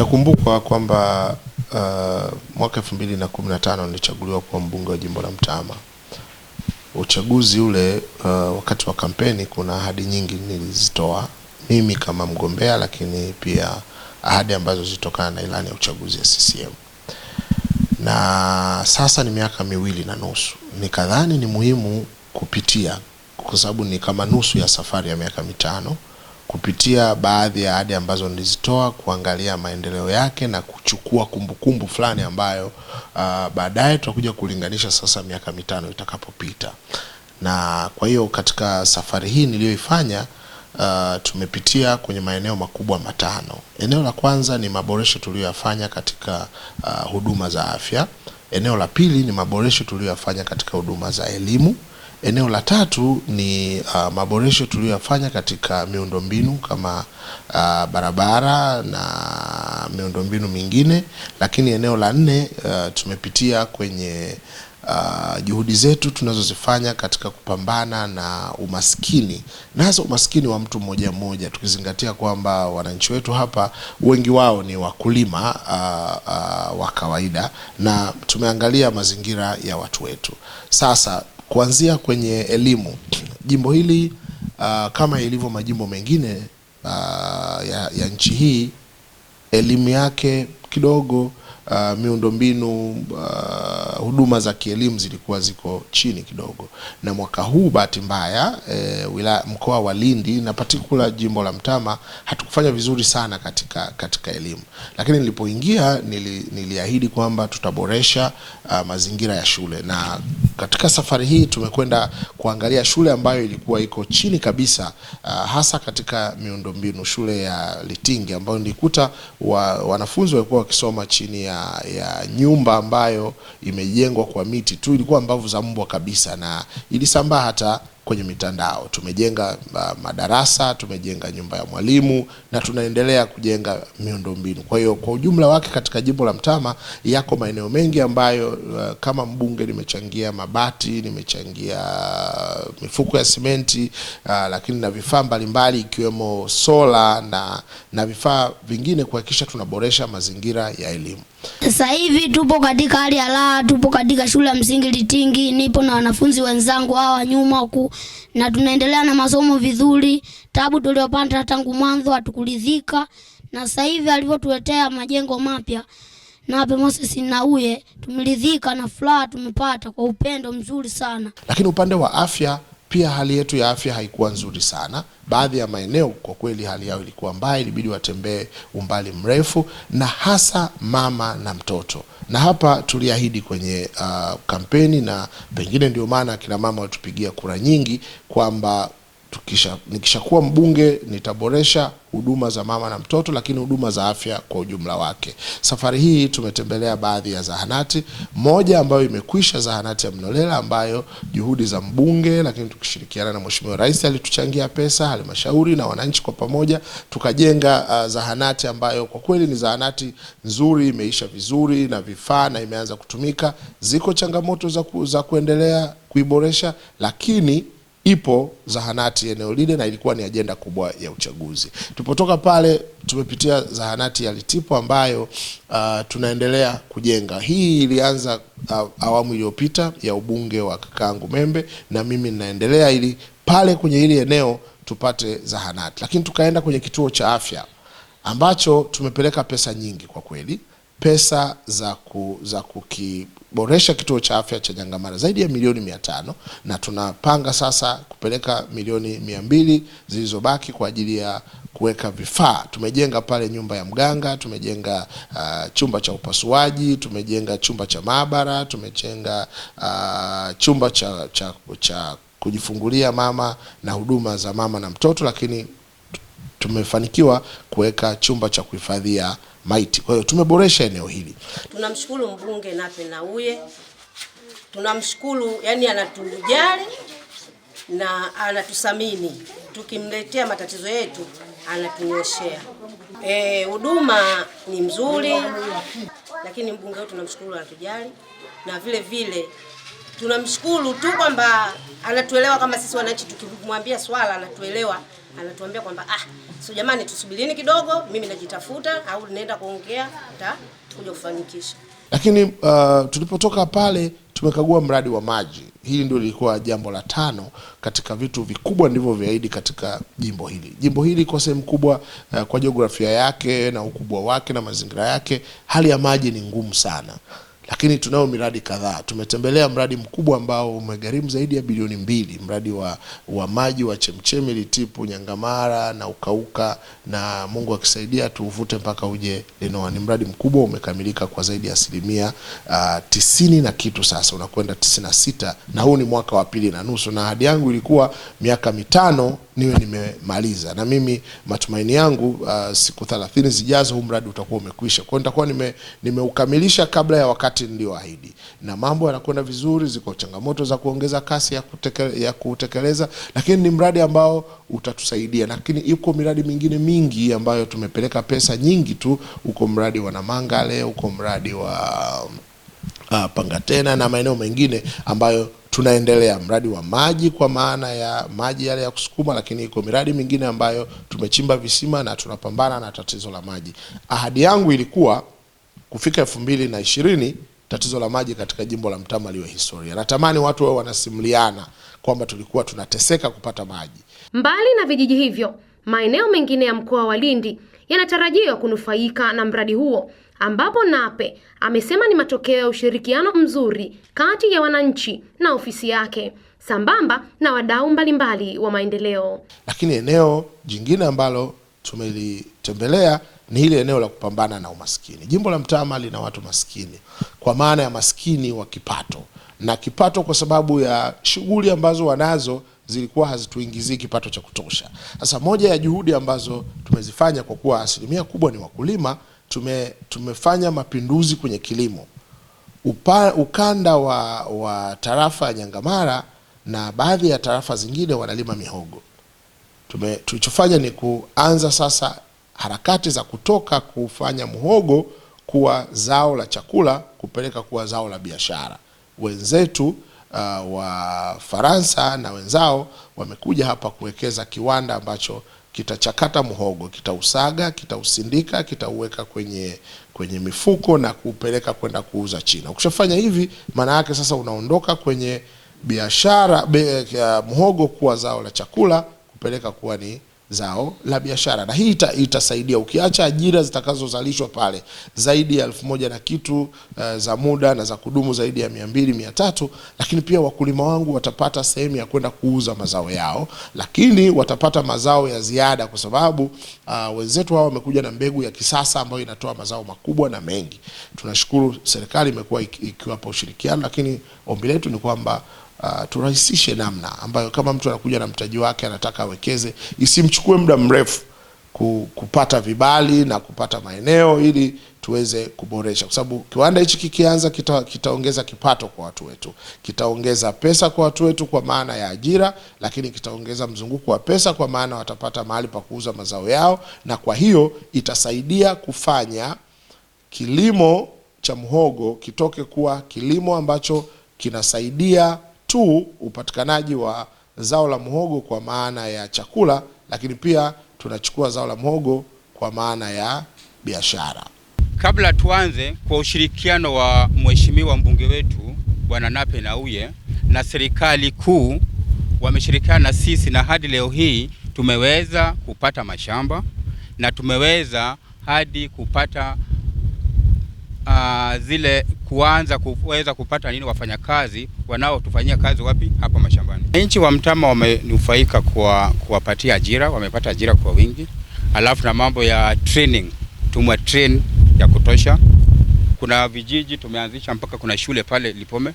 Itakumbukwa kwamba uh, mwaka tano nilichaguliwa kuwa mbunge wa jimbo la Mtama. Uchaguzi ule uh, wakati wa kampeni, kuna ahadi nyingi nilizitoa mimi kama mgombea, lakini pia ahadi ambazo zilitokana na ilani ya uchaguzi ya CCM. Na sasa ni miaka miwili na nusu, nikadhani ni muhimu kupitia, kwa sababu ni kama nusu ya safari ya miaka mitano kupitia baadhi ya ahadi ambazo nilizitoa, kuangalia maendeleo yake na kuchukua kumbukumbu fulani ambayo uh, baadaye tutakuja kulinganisha sasa miaka mitano itakapopita. Na kwa hiyo katika safari hii niliyoifanya Uh, tumepitia kwenye maeneo makubwa matano. Eneo la kwanza ni maboresho tuliyoyafanya katika uh, huduma za afya. Eneo la pili ni maboresho tuliyoyafanya katika huduma za elimu. Eneo la tatu ni uh, maboresho tuliyoyafanya katika miundombinu kama uh, barabara na miundombinu mingine, lakini eneo la nne uh, tumepitia kwenye Uh, juhudi zetu tunazozifanya katika kupambana na umaskini na hasa umaskini wa mtu mmoja mmoja, tukizingatia kwamba wananchi wetu hapa wengi wao ni wakulima uh, uh, wa kawaida na tumeangalia mazingira ya watu wetu. Sasa Kuanzia kwenye elimu, jimbo hili uh, kama ilivyo majimbo mengine uh, ya, ya nchi hii elimu yake kidogo uh, miundombinu uh, huduma za kielimu zilikuwa ziko chini kidogo, na mwaka huu bahati mbaya eh, wila mkoa wa Lindi na patikula jimbo la Mtama hatukufanya vizuri sana katika katika elimu, lakini nilipoingia nili, niliahidi kwamba tutaboresha uh, mazingira ya shule, na katika safari hii tumekwenda kuangalia shule ambayo ilikuwa iko chini kabisa uh, hasa katika miundombinu, shule ya Litingi ambayo nilikuta wa, wanafunzi walikuwa wakisoma chini ya ya, ya nyumba ambayo imejengwa kwa miti tu, ilikuwa mbavu za mbwa kabisa na ilisambaa hata kwenye mitandao. Tumejenga uh, madarasa, tumejenga nyumba ya mwalimu na tunaendelea kujenga miundombinu. Kwa hiyo kwa ujumla wake, katika jimbo la Mtama yako maeneo mengi ambayo uh, kama mbunge nimechangia mabati, nimechangia uh, mifuko ya simenti uh, lakini na vifaa mbalimbali ikiwemo sola na, na vifaa vingine kuhakikisha tunaboresha mazingira ya elimu. Sasa hivi tupo katika hali ya raha, tupo katika shule ya msingi Litingi, nipo na wanafunzi wenzangu hawa nyuma huku na tunaendelea na masomo vizuri. Tabu tuliopanda tangu mwanzo hatukuridhika, na sasa hivi alivyotuletea majengo mapya na hapo Moses Nnauye tumeridhika na furaha tumepata kwa upendo mzuri sana. Lakini upande wa afya pia hali yetu ya afya haikuwa nzuri sana. Baadhi ya maeneo kwa kweli hali yao ilikuwa mbaya, ilibidi watembee umbali mrefu, na hasa mama na mtoto. Na hapa tuliahidi kwenye uh, kampeni, na pengine ndio maana akina mama watupigia kura nyingi kwamba Tukisha, nikishakuwa mbunge nitaboresha huduma za mama na mtoto, lakini huduma za afya kwa ujumla wake. Safari hii tumetembelea baadhi ya zahanati, moja ambayo imekwisha, zahanati ya Mnolela, ambayo juhudi za mbunge, lakini tukishirikiana na Mheshimiwa Rais alituchangia pesa, halmashauri na wananchi kwa pamoja tukajenga uh, zahanati ambayo kwa kweli ni zahanati nzuri, imeisha vizuri na vifaa na imeanza kutumika. Ziko changamoto za, ku, za kuendelea kuiboresha lakini ipo zahanati eneo lile, na ilikuwa ni ajenda kubwa ya uchaguzi. Tulipotoka pale, tumepitia zahanati ya Litipo ambayo uh, tunaendelea kujenga. Hii ilianza uh, awamu iliyopita ya ubunge wa Kakangu Membe, na mimi ninaendelea ili pale kwenye hili eneo tupate zahanati, lakini tukaenda kwenye kituo cha afya ambacho tumepeleka pesa nyingi kwa kweli pesa za, ku, za kukiboresha kituo cha afya cha jangamara zaidi ya milioni mia tano na tunapanga sasa kupeleka milioni mia mbili zilizobaki kwa ajili ya kuweka vifaa. Tumejenga pale nyumba ya mganga, tumejenga uh, chumba cha upasuaji, tumejenga chumba cha maabara, tumejenga uh, chumba cha, cha, cha kujifungulia mama na huduma za mama na mtoto, lakini tumefanikiwa kuweka chumba cha kuhifadhia maiti. Kwa hiyo tumeboresha eneo hili. Tunamshukuru mbunge Nape Nnauye, tunamshukuru yani, anatujali na anatusamini, tukimletea matatizo yetu anatunyoshea. E, huduma ni mzuri, lakini mbunge wetu tunamshukuru, anatujali na vile vile tunamshukuru tu kwamba anatuelewa kama sisi wananchi, tukimwambia swala anatuelewa, anatuambia kwamba ah, so jamani, tusubirini kidogo, mimi najitafuta au naenda kuongea kuja kufanikisha. Lakini uh, tulipotoka pale tumekagua mradi wa maji. Hili ndio lilikuwa jambo la tano katika vitu vikubwa vyaidi katika jimbo hili. Jimbo hili kwa sehemu kubwa, uh, kwa jiografia yake na ukubwa wake na mazingira yake, hali ya maji ni ngumu sana lakini tunayo miradi kadhaa. Tumetembelea mradi mkubwa ambao umegharimu zaidi ya bilioni mbili, mradi wa, wa maji wa chemchemi Litipu, Nyangamara na Ukauka, na Mungu akisaidia tuuvute mpaka uje Linoa. Ni mradi mkubwa umekamilika kwa zaidi ya asilimia uh, tisini na kitu, sasa unakwenda tisini na sita, na huu ni mwaka wa pili na nusu, na ahadi yangu ilikuwa miaka mitano niwe nimemaliza. Na mimi matumaini yangu uh, siku 30 zijazo huu mradi utakuwa umekwisha. Kwa hiyo nitakuwa nime, nimeukamilisha kabla ya wakati nilioahidi, na mambo yanakwenda vizuri. Ziko changamoto za kuongeza kasi ya, kuteke, ya kutekeleza, lakini ni mradi ambao utatusaidia. Lakini iko miradi mingine mingi ambayo tumepeleka pesa nyingi tu, uko mradi wa Namangale, uko mradi wa uh, ah, Pangatena na maeneo mengine ambayo tunaendelea mradi wa maji kwa maana ya maji yale ya kusukuma, lakini iko miradi mingine ambayo tumechimba visima na tunapambana na tatizo la maji. Ahadi yangu ilikuwa kufika elfu mbili na ishirini tatizo la maji katika jimbo la Mtama liwe historia. Natamani watu wao wanasimuliana kwamba tulikuwa tunateseka kupata maji. Mbali na vijiji hivyo, maeneo mengine ya mkoa wa Lindi yanatarajiwa kunufaika na mradi huo ambapo Nape amesema ni matokeo ya ushirikiano mzuri kati ya wananchi na ofisi yake sambamba na wadau mbalimbali wa maendeleo. Lakini eneo jingine ambalo tumelitembelea ni hili eneo la kupambana na umaskini. Jimbo la Mtama lina watu maskini, kwa maana ya maskini wa kipato na kipato, kwa sababu ya shughuli ambazo wanazo zilikuwa hazituingizii kipato cha kutosha. Sasa moja ya juhudi ambazo tumezifanya kwa kuwa asilimia kubwa ni wakulima tume, tumefanya mapinduzi kwenye kilimo Upa, ukanda wa, wa tarafa ya Nyangamara na baadhi ya tarafa zingine wanalima mihogo. tulichofanya ni kuanza sasa harakati za kutoka kufanya muhogo kuwa zao la chakula kupeleka kuwa zao la biashara. Wenzetu uh, wa Faransa na wenzao wamekuja hapa kuwekeza kiwanda ambacho kitachakata mhogo, kitausaga, kitausindika, kitauweka kwenye kwenye mifuko na kuupeleka kwenda kuuza China. Ukishafanya hivi, maana yake sasa unaondoka kwenye biashara be, uh, mhogo kuwa zao la chakula kupeleka kuwa ni zao la biashara, na hii ita, itasaidia ukiacha ajira zitakazozalishwa pale zaidi ya elfu moja na kitu uh, za muda na za kudumu zaidi ya mia mbili mia tatu lakini pia wakulima wangu watapata sehemu ya kwenda kuuza mazao yao, lakini watapata mazao ya ziada kwa sababu uh, wenzetu hao wamekuja na mbegu ya kisasa ambayo inatoa mazao makubwa na mengi. Tunashukuru serikali imekuwa ikiwapa ushirikiano, lakini ombi letu ni kwamba uh, turahisishe namna ambayo kama mtu anakuja na mtaji wake anataka awekeze, isimchukue muda mrefu kupata vibali na kupata maeneo ili tuweze kuboresha, kwa sababu kiwanda hichi kikianza kita, kitaongeza kipato kwa watu wetu, kitaongeza pesa kwa watu wetu kwa maana ya ajira, lakini kitaongeza mzunguko wa pesa kwa maana watapata mahali pa kuuza mazao yao, na kwa hiyo itasaidia kufanya kilimo cha mhogo kitoke kuwa kilimo ambacho kinasaidia tu upatikanaji wa zao la muhogo kwa maana ya chakula, lakini pia tunachukua zao la muhogo kwa maana ya biashara. Kabla tuanze, kwa ushirikiano wa mheshimiwa mbunge wetu Bwana Nape Nnauye na serikali kuu wameshirikiana na sisi, na hadi leo hii tumeweza kupata mashamba na tumeweza hadi kupata uh, zile kuanza kuweza kupata nini wafanyakazi wanaotufanyia kazi wapi hapa mashambani. Wananchi wa Mtama wamenufaika kwa kuwapatia ajira, wamepata ajira kwa wingi, alafu na mambo ya training, tumwa train ya kutosha. Kuna vijiji tumeanzisha mpaka kuna shule pale Lipome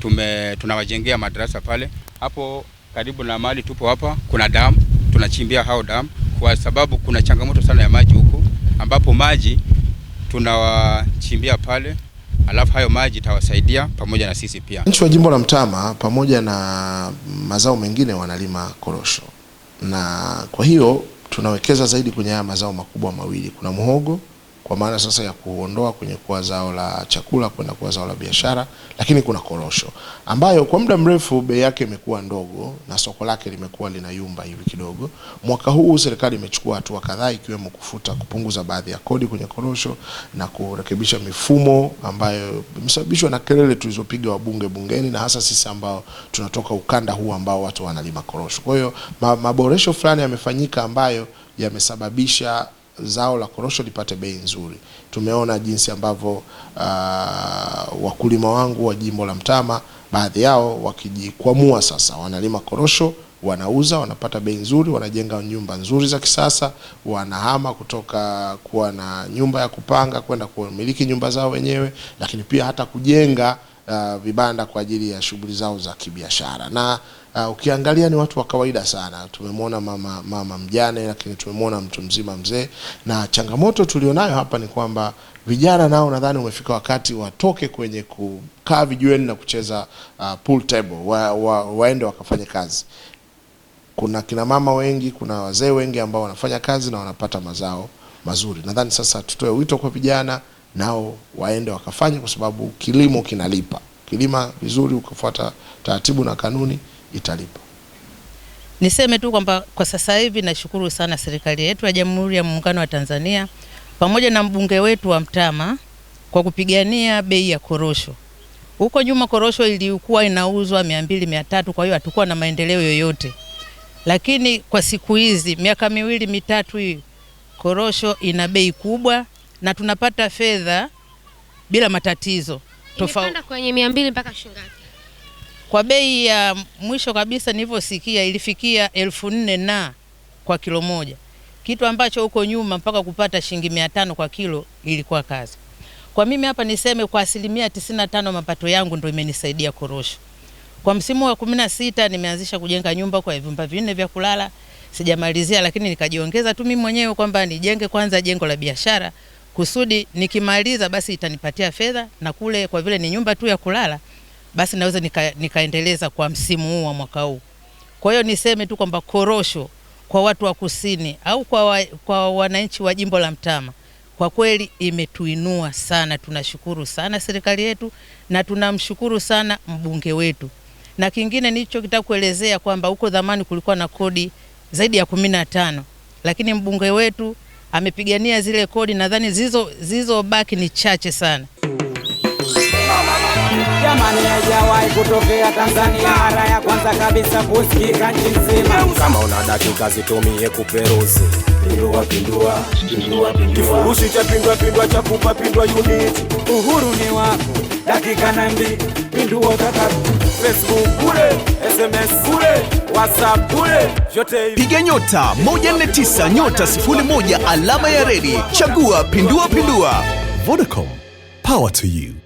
tume tunawajengea madarasa pale hapo karibu na mali tupo hapa, kuna damu tunachimbia hao damu, kwa sababu kuna changamoto sana ya maji huko, ambapo maji tunawachimbia pale, alafu hayo maji itawasaidia pamoja na sisi pia. Nchi wa jimbo la Mtama pamoja na mazao mengine wanalima korosho, na kwa hiyo tunawekeza zaidi kwenye haya mazao makubwa mawili, kuna muhogo kwa maana sasa ya kuondoa kwenye kuwa zao la chakula kwenda kuwa zao la biashara. Lakini kuna korosho ambayo kwa muda mrefu bei yake imekuwa ndogo na soko lake limekuwa linayumba hivi kidogo. Mwaka huu serikali imechukua hatua kadhaa, ikiwemo kufuta, kupunguza baadhi ya kodi kwenye korosho na kurekebisha mifumo ambayo imesababishwa na kelele tulizopiga wabunge bungeni, na hasa sisi ambao tunatoka ukanda huu ambao watu wanalima korosho. Kwa hiyo maboresho fulani yamefanyika ambayo yamesababisha zao la korosho lipate bei nzuri. Tumeona jinsi ambavyo uh, wakulima wangu wa jimbo la Mtama baadhi yao wakijikwamua sasa, wanalima korosho wanauza wanapata bei nzuri, wanajenga nyumba nzuri za kisasa, wanahama kutoka kuwa na nyumba ya kupanga kwenda kumiliki nyumba zao wenyewe, lakini pia hata kujenga uh, vibanda kwa ajili ya shughuli zao za kibiashara na uh, ukiangalia ni watu wa kawaida sana. Tumemwona mama, mama mjane, lakini tumemwona mtu mzima mzee, na changamoto tulionayo hapa ni kwamba vijana nao nadhani umefika wakati watoke kwenye kukaa vijiweni na kucheza uh, pool table wa, wa, waende wakafanye kazi. Kuna kina mama wengi, kuna wazee wengi ambao wanafanya kazi na wanapata mazao mazuri. Nadhani sasa tutoe wito kwa vijana nao waende wakafanye, kwa sababu kilimo kinalipa. Kilima vizuri ukifuata taratibu na kanuni italipa. Niseme tu kwamba kwa sasa hivi nashukuru sana serikali yetu ya Jamhuri ya Muungano wa Tanzania pamoja na mbunge wetu wa Mtama kwa kupigania bei ya korosho. Huko nyuma korosho ilikuwa inauzwa mia mbili mia tatu kwa hiyo hatukuwa na maendeleo yoyote, lakini kwa siku hizi miaka miwili mitatu hii korosho ina bei kubwa na tunapata fedha bila matatizo. Tofauti kwenye 200 mpaka shilingi Kwa bei ya mwisho kabisa nilivyosikia ilifikia elfu nne na kwa kilo moja, kitu ambacho huko nyuma mpaka kupata shilingi mia tano kwa kilo ilikuwa kazi. Kwa mimi hapa niseme kwa asilimia tano mapato yangu ndio imenisaidia korosho. Kwa msimu wa sita nimeanzisha kujenga nyumba kwa vyumba vinne vya kulala, sijamalizia, lakini nikajiongeza tu mimi mwenyewe kwamba nijenge kwanza jengo la biashara kusudi nikimaliza basi itanipatia fedha na kule, kwa vile ni nyumba tu ya kulala, basi naweza nika, nikaendeleza kwa msimu huu wa mwaka huu. Kwa hiyo niseme tu kwamba korosho kwa watu wa kusini au kwa, wa, kwa wananchi wa jimbo la Mtama kwa kweli imetuinua sana. Tunashukuru sana serikali yetu na tunamshukuru sana mbunge wetu. Na kingine nicho kuelezea kwamba huko zamani kulikuwa na kodi zaidi ya kumi na tano, lakini mbunge wetu amepigania zile kodi, nadhani zizo zilizobaki ni chache sana. Jamani, haijawahi kutokea Tanzania, mara ya kwanza kabisa kusikika nchi nzima. Kama una dakika zitumie kuperuzi kifurushi cha pindua pindua cha kupa pindua unit. Uhuru ni wako dakika na mbi pindu otaka Facebook bure, SMS bure, WhatsApp bure, yote. Piga nyota 149 nyota 01 alama ya redi, chagua pindua pindua. Vodacom, power to you.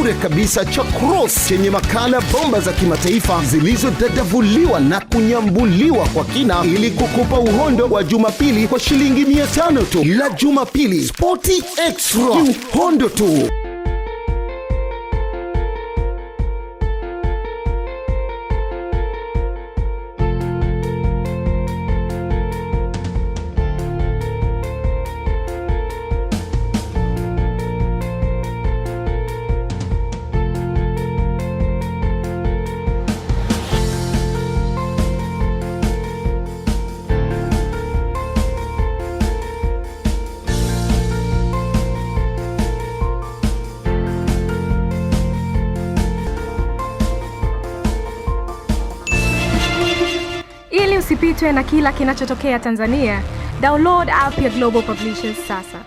bure kabisa cha Cross chenye makala bomba za kimataifa zilizodadavuliwa na kunyambuliwa kwa kina ili kukupa uhondo wa Jumapili kwa shilingi mia tano tu. La Jumapili, spoti extra, uhondo tu. upatwe na kila kinachotokea Tanzania. Download app ya Global Publishers sasa.